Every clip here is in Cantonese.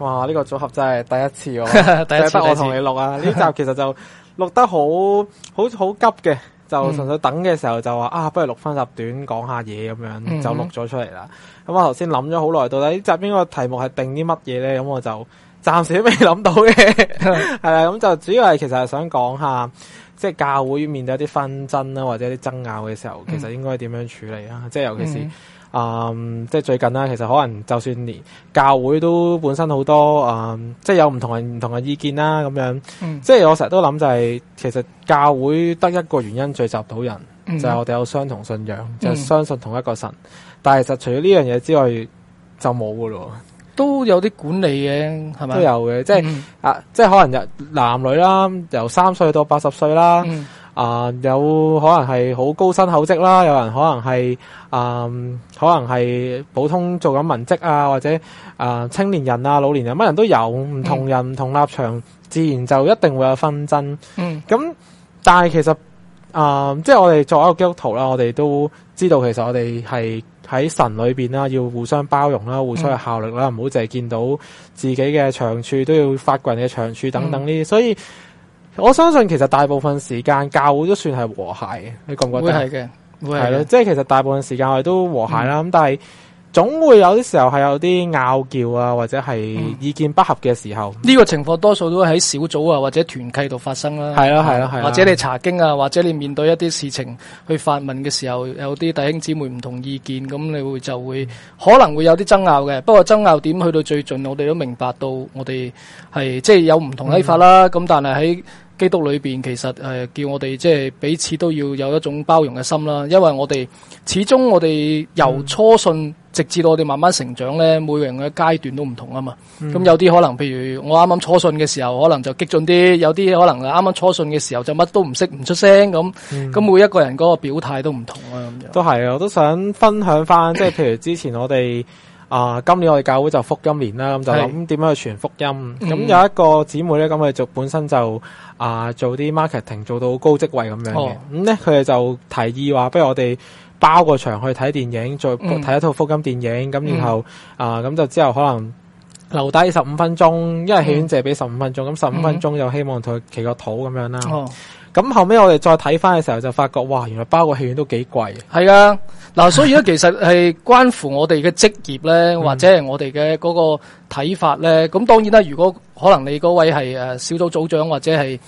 哇！呢個組合真係第一次喎， 第一次我同你錄啊，呢集其實就錄得好好好急嘅，就純粹等嘅時候就話、嗯、啊，不如錄翻集短講下嘢咁樣，就錄咗出嚟啦。咁、嗯嗯、我頭先諗咗好耐，到底呢集邊個題目係定啲乜嘢呢？咁我就暫時都未諗到嘅，係啦、嗯。咁 就主要係其實係想講下。即係教會面對一啲紛爭啦，或者一啲爭拗嘅時候，其實應該點樣處理啊？即係、嗯、尤其是啊、嗯，即係最近啦，其實可能就算連教會都本身好多啊、嗯，即係有唔同人唔同嘅意見啦，咁樣。嗯、即係我成日都諗就係、是，其實教會得一個原因聚集到人，嗯、就係我哋有相同信仰，就係、是、相信同一個神。嗯、但係其實除咗呢樣嘢之外，就冇噶咯。都有啲管理嘅，係咪都有嘅？即係、嗯、啊，即係可能有男女啦，由三歲到八十歲啦，啊、嗯呃，有可能係好高薪厚職啦，有人可能係啊、呃，可能係普通做緊文職啊，或者啊、呃，青年人啊，老年人乜人都有，唔同人唔、嗯、同立場，自然就一定會有紛爭。嗯，咁但係其實啊、呃，即係我哋作為一個基督徒啦，我哋都知道，其實我哋係。喺神裏邊啦，要互相包容啦，互相去效力啦，唔好淨係見到自己嘅長處，都要發掘人嘅長處等等呢啲、嗯。所以我相信其實大部分時間教會都算係和諧嘅，你覺唔覺得會是的？會係嘅，會係咯，即係其實大部分時間我哋都和諧啦，咁、嗯、但係。總會有啲時候係有啲拗撬啊，或者係意見不合嘅時候，呢、嗯，這個情況多數都喺小組啊或者團契度發生啦、啊。係啦係啦，啊啊啊、或者你查經啊，或者你面對一啲事情去發問嘅時候，有啲弟兄姊妹唔同意見，咁你會就會、嗯、可能會有啲爭拗嘅。不過爭拗點去到最盡，我哋都明白到我哋係即係有唔同睇法啦。咁、嗯、但係喺基督裏邊其實誒，叫我哋即係彼此都要有一種包容嘅心啦，因為我哋始終我哋由初信直至到我哋慢慢成長咧，嗯、每個人嘅階段都唔同啊嘛。咁、嗯、有啲可能，譬如我啱啱初信嘅時候，可能就激進啲；有啲可能啱啱初信嘅時候就乜都唔識，唔出聲咁。咁、嗯、每一個人嗰個表態都唔同啊，咁樣。都係啊，我都想分享翻，即係 譬如之前我哋。啊、呃！今年我哋教會就福音年啦，咁就諗點樣去傳福音。咁是有一個姊妹咧，咁佢就本身就啊、呃、做啲 marketing，做到高職位咁樣嘅。咁咧佢哋就提議話，不如我哋包個場去睇電影，再睇一套福音電影。咁、嗯、然後啊，咁、呃、就之後可能留低十五分鐘，因為戲院借俾十五分鐘，咁十五分鐘就希望佢企個肚咁樣啦。哦咁後尾我哋再睇翻嘅時候就發覺，哇！原來包個戲院都幾貴。係啊，嗱，所以咧，其實係關乎我哋嘅職業咧， 或者係我哋嘅嗰個睇法。咧，咁當然啦，如果可能你嗰位係誒小組組長或者係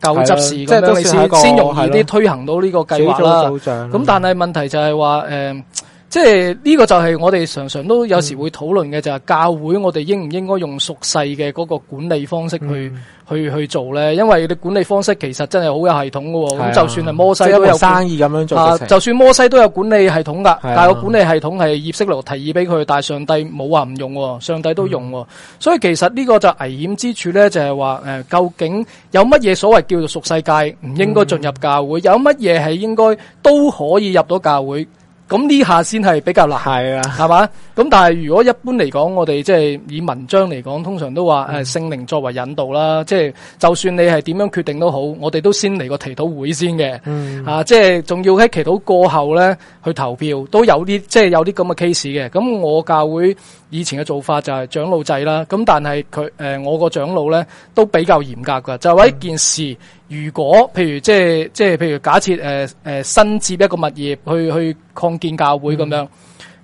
夠執事咁樣，你先先容易啲推行到呢個計劃啦。咁但係問題就係話誒。呃即係呢個就係我哋常常都有時會討論嘅，就係教會我哋應唔應該用屬世嘅嗰個管理方式去、嗯、去去做呢？因為你管理方式其實真係好有系統嘅、哦，咁、嗯、就算係摩西都有、啊、生意咁樣做、啊，就算摩西都有管理系統噶，啊、但係個管理系統係葉忒羅提議俾佢，但係上帝冇話唔用，上帝都用，嗯、所以其實呢個就危險之處呢，就係話誒，究竟有乜嘢所謂叫做屬世界唔應該進入教會，嗯、有乜嘢係應該都可以入到教會？咁呢下先係比較難，下㗎是的，係嘛？咁但係如果一般嚟講，我哋即係以文章嚟講，通常都話誒聖靈作為引導啦。即係、嗯、就，就算你係點樣決定都好，我哋都先嚟個祈禱會先嘅。嗯，啊，即係仲要喺祈禱過後咧去投票，都有啲即係有啲咁嘅 case 嘅。咁我教會。以前嘅做法就係長老制啦，咁但係佢誒我個長老咧都比較嚴格嘅，就話、是、一件事，如果譬如即係即係譬如假設誒誒、呃呃、新接一個物業去去擴建教會咁樣，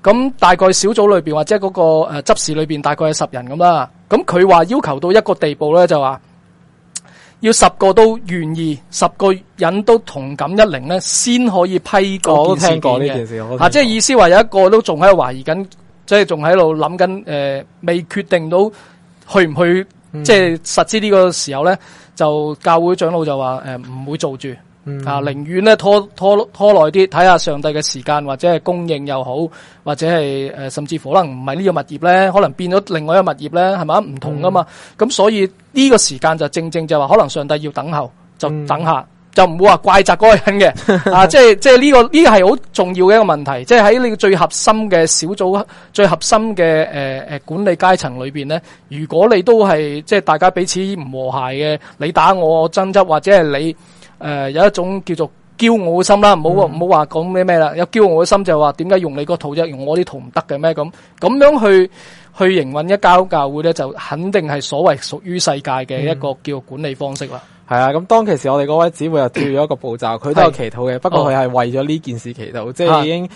咁、嗯、大概小組裏面或者嗰、那個誒、呃、執事裏面大概係十人咁啦，咁佢話要求到一個地步咧，就話要十個都願意，十個人都同感一靈咧，先可以批過聽過呢件事啊，即係、啊、想意思話有一個都仲喺度懷疑緊，即係仲喺度諗緊，誒、呃、未決定到去唔去，即係實施呢個時候咧，就教會長老就話，誒、呃、唔會做住，啊，寧願咧拖拖拖耐啲，睇下上帝嘅時間或者係供應又好，或者係誒、呃、甚至乎可能唔係呢個物業咧，可能變咗另外一個物業咧，係咪？唔同噶嘛，咁、嗯、所以呢個時間就正正就話，可能上帝要等候，就等下。嗯就唔會話怪責嗰個人嘅，啊，即係即係呢個呢個係好重要嘅一個問題，即係喺你最核心嘅小組、最核心嘅誒誒管理階層裏邊咧，如果你都係即係大家彼此唔和諧嘅，你打我，我爭執，或者係你誒、呃、有一種叫做驕傲嘅心啦，唔好話講咩咩啦，有驕傲嘅心就話點解用你個圖啫，用我啲圖唔得嘅咩，咁咁樣去去營運一間教會咧，就肯定係所謂屬於世界嘅一個叫做管理方式啦。係啊，咁當其時我哋嗰位姊妹又跳咗一個步驟，佢 都有祈禱嘅，的不過佢係為咗呢件事祈禱，啊、即係已經。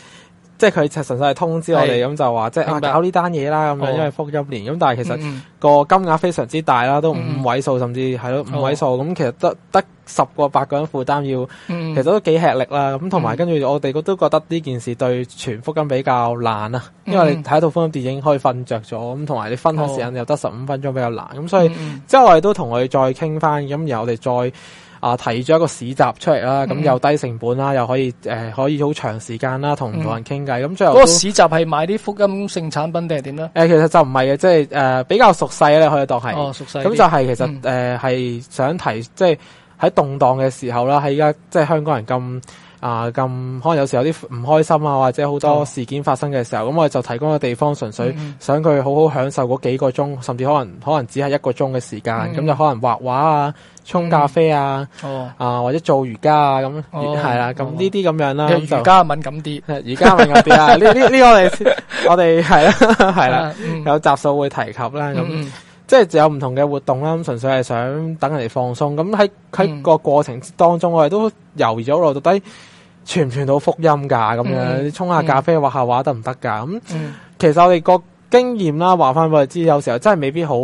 即係佢實實際係通知我哋咁就話，即係搞呢單嘢啦咁樣，哦、因為福音年咁，但係其實個金額非常之大啦，嗯、都五位數、嗯、甚至係咯五位數咁，哦、其實得得十個八個人負擔要，嗯、其實都幾吃力啦。咁同埋跟住我哋都覺得呢件事對全福音比較難啦，嗯、因為你睇到福音電影可以瞓着咗，咁同埋你分享時間又得十五分鐘比較難，咁、哦、所以之後我哋都同佢再傾翻，咁然後我哋再。啊，提咗一個市集出嚟啦，咁又低成本啦，嗯、又可以誒、呃，可以好長時間啦，同唔同人傾偈咁最後。嗰個市集係買啲福音性產品定係點咧？誒、呃，其實就唔係嘅，即係誒比較熟悉咧，你可以當係。哦，熟悉。咁就係其實誒，係、呃、想提，即係喺動盪嘅時候啦，喺而家即係香港人咁。啊，咁可能有時有啲唔開心啊，或者好多事件發生嘅時候，咁我哋就提供個地方，純粹想佢好好享受嗰幾個鐘，甚至可能可能只係一個鐘嘅時間，咁就可能畫畫啊、沖咖啡啊，啊或者做瑜伽啊咁，係啦，咁呢啲咁樣啦，瑜伽敏感啲，而家敏感啲啊，呢呢呢個我哋我哋係啦係啦，有集數會提及啦，咁即係就有唔同嘅活動啦，純粹係想等人哋放鬆，咁喺喺個過程當中，我哋都猶豫咗落到底。傳唔傳到福音噶咁樣，你沖、嗯、下咖啡畫、嗯、下畫得唔得噶咁？行行嗯、其實我哋個經驗啦，話翻俾你知，有時候真係未必好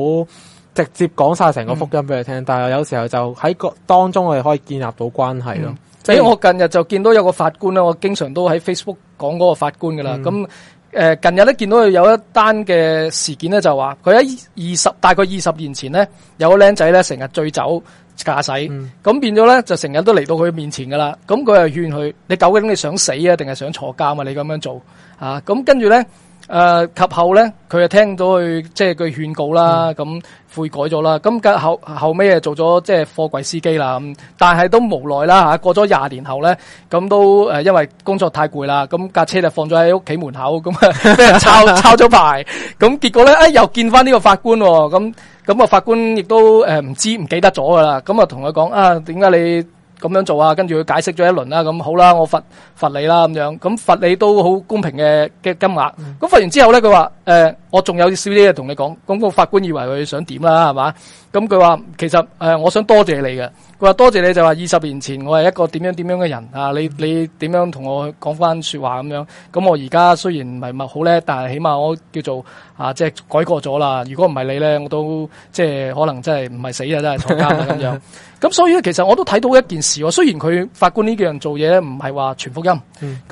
直接講晒成個福音俾你聽，嗯、但係有時候就喺個當中我哋可以建立到關係咯。誒，我近日就見到有個法官咧，我經常都喺 Facebook 講嗰個法官噶啦。咁誒、嗯呃，近日咧見到佢有一單嘅事件咧，就話佢喺二十大概二十年前咧，有個僆仔咧成日醉酒，駕駛咁變咗咧，就成日都嚟到佢面前噶啦。咁佢又勸佢：你究竟你想死啊，定係想坐監啊？你咁樣做啊？咁跟住咧。誒，及後咧，佢就聽到佢即係佢勸告啦，咁悔改咗啦。咁架後後尾誒做咗即係貨櫃司機啦，咁但係都無奈啦吓。過咗廿年後咧，咁都誒，因為工作太攰啦，咁架車就放咗喺屋企門口咁，咩抄抄咗牌咁。結果咧，誒又見翻呢個法官咁咁啊！法官亦都誒唔知唔記得咗噶啦，咁啊同佢講啊，點解你？咁樣做啊，跟住佢解釋咗一輪啦，咁好啦，我罰罰你啦咁樣，咁罰你都好公平嘅嘅金額，咁、嗯、罰完之後咧，佢話：誒、呃，我仲有啲少啲嘢同你講，咁個法官以為佢想點啦，係嘛？咁佢話其實誒、呃，我想多謝你嘅。佢話多謝你就話二十年前我係一個點樣點樣嘅人啊，你你點樣同我講翻說話咁樣。咁我而家雖然唔係咪好叻，但係起碼我叫做啊，即係改過咗啦。如果唔係你咧，我都即係可能真係唔係死啊，真係錯家咁樣。咁 所以咧，其實我都睇到一件事，雖然佢法官呢幾樣做嘢咧，唔係話傳福音，咁、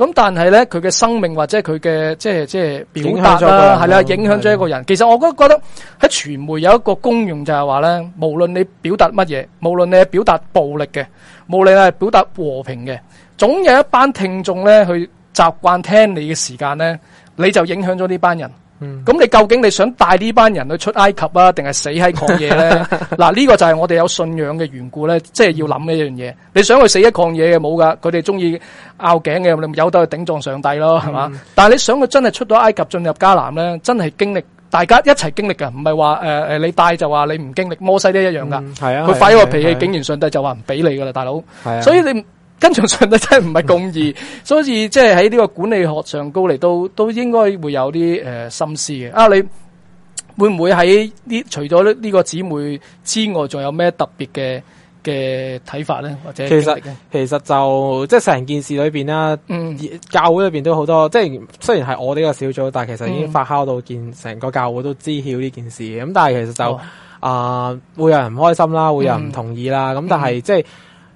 嗯、但係咧，佢嘅生命或者佢嘅即係即係表達啦，係啦，影響咗一個人。個人，係啦。其實我覺覺得喺傳媒有一個功用就係話咧。無論你表達乜嘢，無論你係表達暴力嘅，無論你係表達和平嘅，總有一班聽眾咧去習慣聽你嘅時間咧，你就影響咗呢班人。咁、嗯、你究竟你想帶呢班人去出埃及啊，定係死喺曠野咧？嗱、 啊、呢、這個就係我哋有信仰嘅緣故咧，即、就、係、是、要諗呢樣嘢。你想去死喺曠野嘅冇噶，佢哋中意拗頸嘅，你咪由得去頂撞上帝咯，係嘛？嗯、但係你想佢真係出到埃及進入迦南咧，真係經歷。大家一齊經歷嘅，唔係話誒你帶就話你唔經歷，摩西都一樣噶。係、嗯、啊，佢發一個脾氣，啊啊啊啊、竟然上帝就話唔俾你噶啦，大佬。啊，所以你跟住上帝真係唔係咁易， 所以即係喺呢個管理學上高嚟都都應該會有啲誒、呃、心思嘅。啊，你會唔會喺呢？除咗呢個姊妹之外，仲有咩特別嘅？嘅睇法咧，或者其實，其實就即係成件事裏邊啦，嗯、教會裏邊都好多，即係雖然係我哋個小組，但係其實已經發酵到件成個教會都知曉呢件事咁，但係其實就啊、哦呃，會有人唔開心啦，會有人唔同意啦。咁但係即係誒、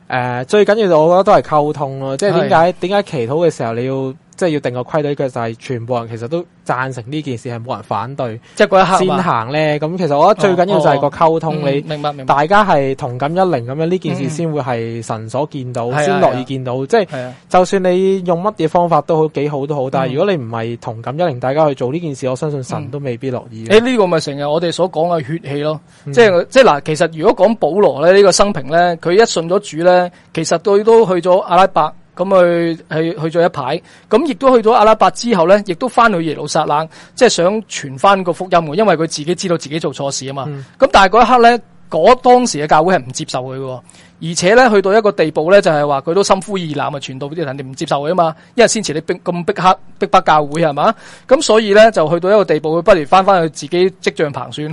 呃，最緊要的我覺得都係溝通咯。即係點解，點解祈禱嘅時候你要？即係要定個規矩，就係全部人其實都贊成呢件事，係冇人反對。即係嗰一刻先行咧，咁其實我覺得最緊要就係個溝通。你明白明白，明白大家係同感一零咁樣，呢件事先會係神所見到，先樂、嗯、意見到。啊啊、即係、啊、就算你用乜嘢方法都好，幾好都好，嗯、但係如果你唔係同感一靈，大家去做呢件事，我相信神都未必樂意。誒、嗯，呢、欸這個咪成日我哋所講嘅血氣咯，嗯、即係即係嗱，其實如果講保羅咧，呢、這個生平咧，佢一信咗主咧，其實佢都去咗阿拉伯。咁去去去咗一排，咁亦都去到阿拉伯之後咧，亦都翻去耶路撒冷，即係想傳翻個福音喎。因為佢自己知道自己做錯事啊嘛。咁、嗯、但係嗰一刻咧，嗰當時嘅教會係唔接受佢喎。而且咧，去到一個地步咧，就係話佢都心灰意冷啊，傳道嗰啲人哋唔接受佢啊嘛。因為先前你逼咁逼迫逼教會係嘛，咁所以咧就去到一個地步，不如翻翻去自己即象旁算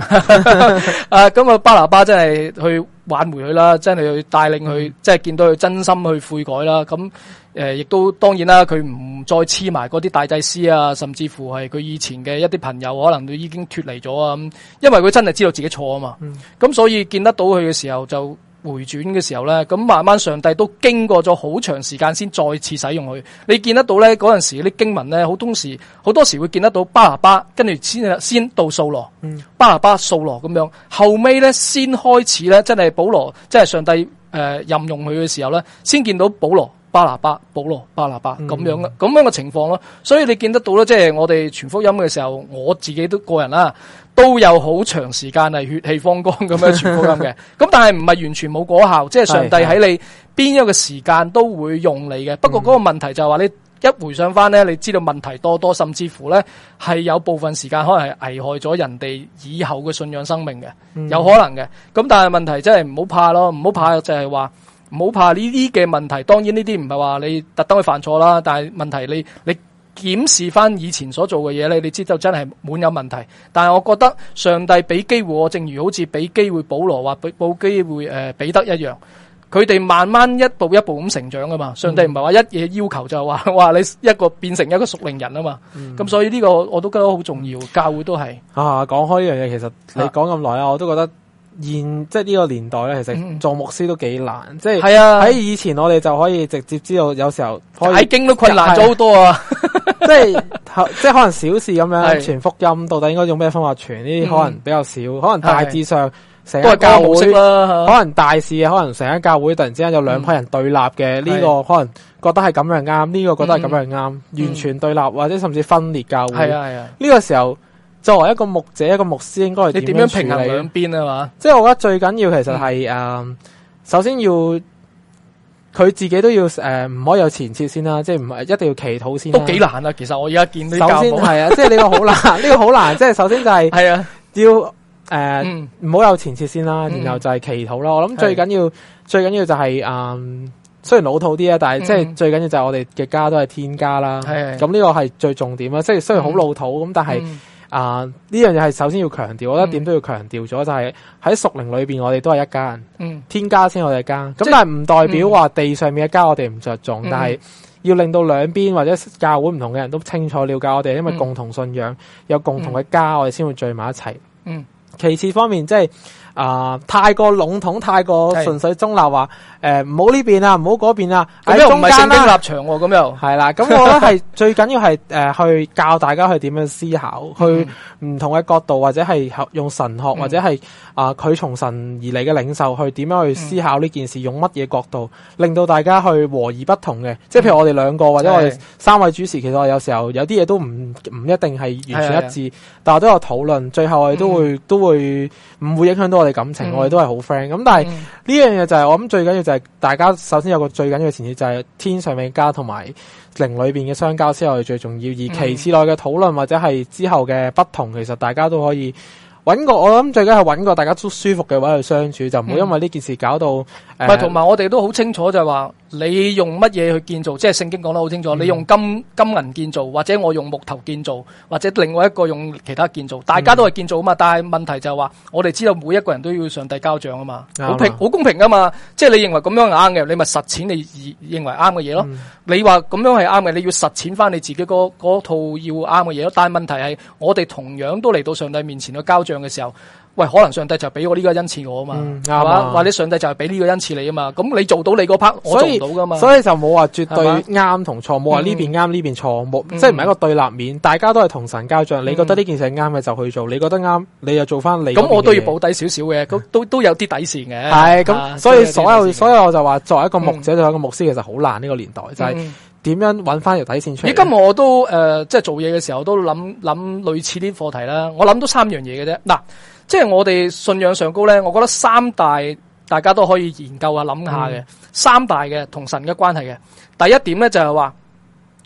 啊。咁個巴拿巴真係去。挽回佢啦，真係去帶領佢，嗯、即係見到佢真心去悔改啦。咁誒，亦、呃、都當然啦，佢唔再黐埋嗰啲大祭司啊，甚至乎係佢以前嘅一啲朋友，可能佢已經脱離咗啊。咁因為佢真係知道自己錯啊嘛，咁、嗯、所以見得到佢嘅時候就。回轉嘅時候咧，咁慢慢上帝都經過咗好長時間先再次使用佢。你見得到咧，嗰陣時啲經文咧，好多時好多時會見得到巴拿巴，跟住先先到掃羅，嗯、巴拿巴掃羅咁樣。後尾咧先開始咧，真係保羅，即係上帝誒、呃、任用佢嘅時候咧，先見到保羅巴拿巴，保羅巴拿巴咁樣嘅咁樣、嗯、嘅情況咯。所以你見得到咧，即係我哋傳福音嘅時候，我自己都個人啦。都有好長時間係血氣方剛咁樣傳福音嘅，咁但係唔係完全冇果效，即係上帝喺你邊一個時間都會用你嘅。不過嗰個問題就係話你一回想返呢，你知道問題多多，甚至乎呢係有部分時間可能係危害咗人哋以後嘅信仰生命嘅，有可能嘅。咁但係問題真係唔好怕咯，唔好怕就係話唔好怕呢啲嘅問題。當然呢啲唔係話你特登去犯錯啦，但係問題你你。檢視翻以前所做嘅嘢咧，你知道真係滿有問題。但係我覺得上帝俾機會我，正如好似俾機會保羅話俾，俾機會誒彼、呃、得一樣，佢哋慢慢一步一步咁成長噶嘛。嗯、上帝唔係話一嘢要求就話話你一個變成一個屬靈人啊嘛。咁、嗯、所以呢個我都覺得好重要，教會都係。啊，講開呢樣嘢，其實你講咁耐啊，我都覺得。現即呢個年代咧，其實做牧師都幾難。即係喺以前，我哋就可以直接知道，有時候喺經都困難咗好多啊！即係即係可能小事咁樣傳福音，到底應該用咩方法傳？呢啲可能比較少。可能大致上成個教會啦，可能大事，可能成個教會突然之間有兩批人對立嘅呢個，可能覺得係咁樣啱，呢個覺得係咁樣啱，完全對立或者甚至分裂教會。係啊係啊，呢個時候。作為一個牧者，一個牧師，應該係點樣平衡兩邊啊嘛？即係我覺得最緊要其實係誒，首先要佢自己都要誒唔可以有前設先啦，即係唔係一定要祈禱先都幾難啊！其實我而家見到首先係啊，即係呢個好難，呢個好難。即係首先就係，係啊，要誒唔好有前設先啦，然後就係祈禱啦。我諗最緊要最緊要就係誒，雖然老土啲啊，但係即係最緊要就係我哋嘅家都係天家啦。咁呢個係最重點啦。即係雖然好老土咁，但係。啊！呢樣嘢係首先要強調，我覺得點都要強調咗，嗯、就係喺屬靈裏面，我哋都係一家人，嗯、天家先我哋一家。咁即但係唔代表話地上面嘅家我哋唔著重，嗯、但係要令到兩邊或者教會唔同嘅人都清楚了解我哋，因為共同信仰、嗯、有共同嘅家，我哋先會聚埋一齊。嗯，其次方面即係。就是啊、呃！太過籠統，太過純粹中立話，誒唔好呢邊啊，唔好嗰邊啊，中間啊，呢個唔係立場喎、啊。咁又係啦，咁我覺得係最緊要係誒、呃、去教大家去點樣思考，嗯、去唔同嘅角度或者係用神學、嗯、或者係啊佢從神而嚟嘅領受去點樣去思考呢件事，嗯、用乜嘢角度令到大家去和而不同嘅。嗯、即係譬如我哋兩個或者我哋三位主持，其實我有時候有啲嘢都唔唔一定係完全一致，是的是的但係都有討論，最後我哋都會都會唔會影響到。我哋感情，嗯、我哋都係好 friend 咁，但係呢、嗯、樣嘢就係、是、我諗最緊要就係大家首先有個最緊要嘅前提就係天上嘅家同埋靈裏邊嘅相交先係最重要，而其次內嘅討論或者係之後嘅不同，其實大家都可以揾個我諗最緊係揾個大家都舒服嘅位去相處，就唔好因為呢件事搞到。同埋、嗯呃、我哋都好清楚就係話。你用乜嘢去建造？即係聖經講得好清楚，嗯、你用金金銀建造，或者我用木頭建造，或者另外一個用其他建造，大家都係建造啊嘛。嗯、但係問題就係話，我哋知道每一個人都要上帝交賬啊嘛，好平好公平噶嘛。即係你認為咁樣係啱嘅，你咪實踐你認為啱嘅嘢咯。嗯、你話咁樣係啱嘅，你要實踐翻你自己嗰嗰套要啱嘅嘢咯。但係問題係，我哋同樣都嚟到上帝面前去交賬嘅時候。喂，可能上帝就俾我呢個恩賜我啊嘛，係嘛？或者上帝就係俾呢個恩賜你啊嘛，咁你做到你嗰 part，我做唔到噶嘛，所以就冇話絕對啱同錯，冇話呢邊啱呢邊錯，冇，即係唔係一個對立面，大家都係同神交賬。你覺得呢件事係啱嘅就去做，你覺得啱，你又做翻你。咁我都要保底少少嘅，都都有啲底線嘅。係咁，所以所有所以我就話，作為一個牧者，作為一個牧師，其實好難呢個年代，就係點樣揾翻條底線出嚟。今日我都誒，即係做嘢嘅時候都諗諗類似啲課題啦。我諗到三樣嘢嘅啫，嗱。即係我哋信仰上高咧，我覺得三大大家都可以研究下諗下嘅，嗯、三大嘅同神嘅關係嘅。第一點咧，就係話，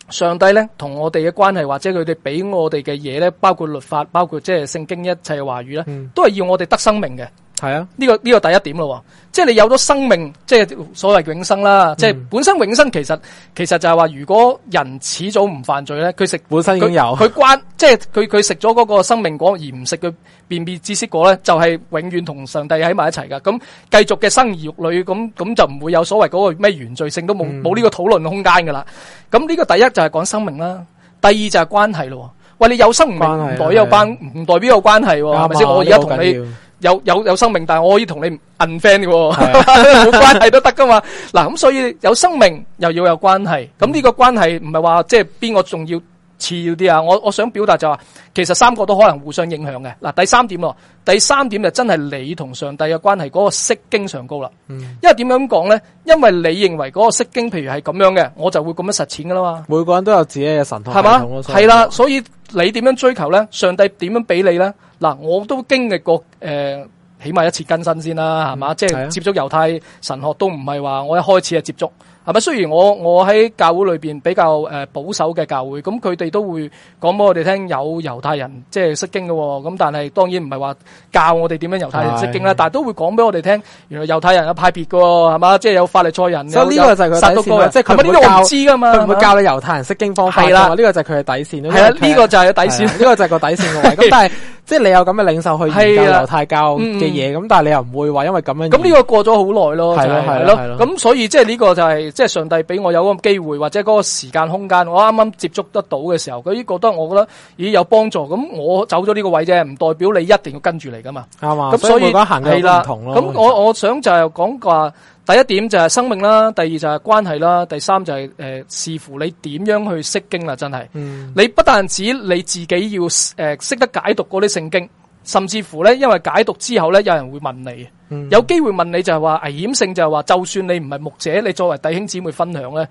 上帝咧同我哋嘅關係或者佢哋俾我哋嘅嘢咧，包括律法，包括即係聖經一切嘅話語咧，都係要我哋得生命嘅。係啊，呢、這個呢、這個第一點咯，即係你有咗生命，即係所謂永生啦。嗯、即係本身永生其實，其實其實就係話，如果人遲早唔犯罪咧，佢食本身已經有佢關，即係佢佢食咗嗰個生命果而唔食佢辨別知識果咧，就係、是、永遠同上帝喺埋一齊噶。咁繼續嘅生兒育女，咁咁就唔會有所謂嗰個咩原罪性都冇冇呢個討論空間噶啦。咁呢個第一就係講生命啦，第二就係關係咯。喂，你有生命唔代表關唔、啊、代表有關係、啊，係咪先？的我而家同你。有有有生命，但係我可以同你 unfriend 嘅、哦，冇、啊、 關係都得噶嘛。嗱咁，所以有生命又要有關係。咁呢個關係唔係話即係邊個仲要次要啲啊？我我想表達就話、是，其實三個都可能互相影響嘅。嗱，第三點咯，第三點就真係你同上帝嘅關係嗰、那個色經上高啦。嗯，因為點樣講咧？因為你認為嗰個色經，譬如係咁樣嘅，我就會咁樣實踐噶啦嘛。每個人都有自己嘅神台，係嘛吧？係啦以、啊，所以你點樣追求咧？上帝點樣俾你咧？嗱，我都經歷過誒、呃，起碼一次更新先啦，係嘛，嗯？即係、就是、接觸猶太神學都唔係話我一開始就接觸。係咪，雖然我我喺教會裏邊比較誒、保守嘅教會，咁佢哋都會講俾我哋聽有猶太人即係識經嘅，咁但係當然唔係話教我哋點樣猶太人識經啦，但係都會講俾我哋聽原來猶太人有派別嘅，係嘛，即係有法利賽人。所以呢個就係佢底線。佢唔會教，佢唔會教你猶太人識經方法。係啦，呢個就係佢嘅底線。呢個就係底線，呢個就係個底線。咁但係即係你有咁嘅領袖去研究猶太教嘅嘢，咁但係你又唔會話因為咁樣。咁呢個過咗好耐咯，係咯。咁所以即係呢個就係。即係上帝俾我有嗰個機會，或者嗰個時間空間，我啱啱接觸得到嘅時候，佢已經覺得我覺得咦，有幫助，咁我走咗呢個位啫，唔代表你一定要跟住嚟噶嘛，係嘛吧？咁所以係啦，咁我我想就係講話，第一點就係生命啦，第二就係關係啦，第三就係、是、誒、呃、視乎你點樣去識經啦，真係。嗯、你不但止你自己要誒識、呃、得解讀嗰啲聖經，甚至乎咧，因為解讀之後咧，有人會問你。有機會問你就係話，危險性就係話，就算你唔係牧者，你作為弟兄姊妹分享咧，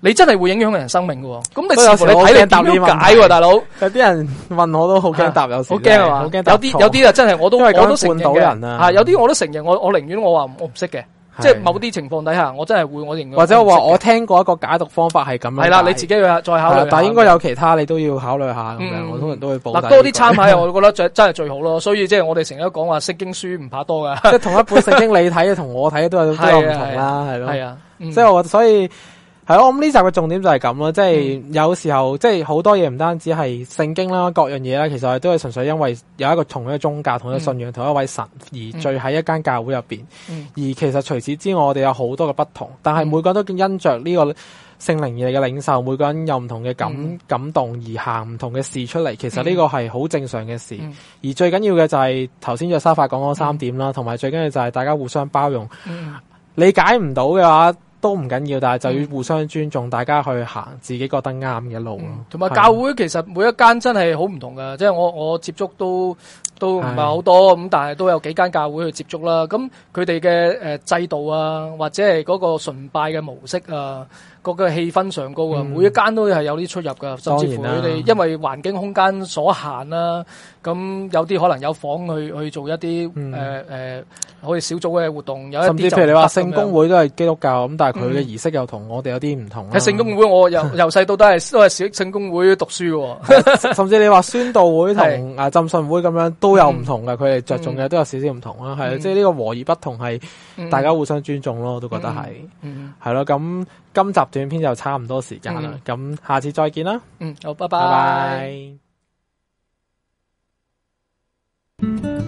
你真係會影響人生命嘅。咁你似乎你睇嚟點樣解？大佬，有啲人問我都好驚答，有時好驚係嘛？有啲有啲啊，真係我都我都承認嘅。啊，有啲我都承認，我我寧願我話我唔識嘅。是即係某啲情況底下，我真係會我認為或者我話我聽過一個解讀方法係咁樣。係啦，你自己再再考慮，但係應該有其他，你都要考慮下咁樣。嗯、我通常都會報。嗱，多啲參考，我覺得最， 最真係最好咯。所以即係我哋成日都講話《聖經》書唔怕多噶。即係同一本《聖經 》，你睇同我睇都有都唔同啦，係咯。係啊，即係的的我所以。係我諗呢集嘅重點就係咁咯，即係有時候、嗯、即係好多嘢唔單止係聖經啦，各樣嘢啦，其實都係純粹因為有一個同一個宗教、嗯、同一個信仰、同一位神而聚喺一間教會入邊。嗯、而其實除此之外，我哋有好多嘅不同，但係每個人都因着呢個聖靈而嚟嘅領受，每個人有唔同嘅感、嗯、感動而行唔同嘅事出嚟。其實呢個係好正常嘅事。嗯、而最緊要嘅就係頭先約沙法講嗰三點啦，同埋、嗯、最緊要就係大家互相包容。理、嗯、解唔到嘅話。都唔緊要，但係就要互相尊重，大家去行自己覺得啱嘅路。同埋，嗯，教會其實每一間真係好唔同嘅，係。即係我我接觸都。都唔係好多咁，但係都有幾間教會去接觸啦。咁佢哋嘅誒制度啊，或者係嗰個崇拜嘅模式啊，個個氣氛上高啊，每一間都係有啲出入噶。甚至乎佢哋因為環境空間所限啦，咁有啲可能有房去去做一啲誒誒，好似小組嘅活動。甚至譬如你話聖公會都係基督教咁，但係佢嘅儀式又同我哋有啲唔同。喺聖公會，我由由細到大係都係喺聖公會讀書嘅。甚至你話宣道會同啊浸信會咁樣都。都有唔同嘅，佢哋着重嘅都有少少唔同啊。係啦、嗯，即係呢個和而不同係大家互相尊重咯，我、嗯、都覺得係，係咯、嗯，咁、嗯、今集短片就差唔多時間啦，咁、嗯、下次再見啦，嗯，好，拜拜。Bye bye。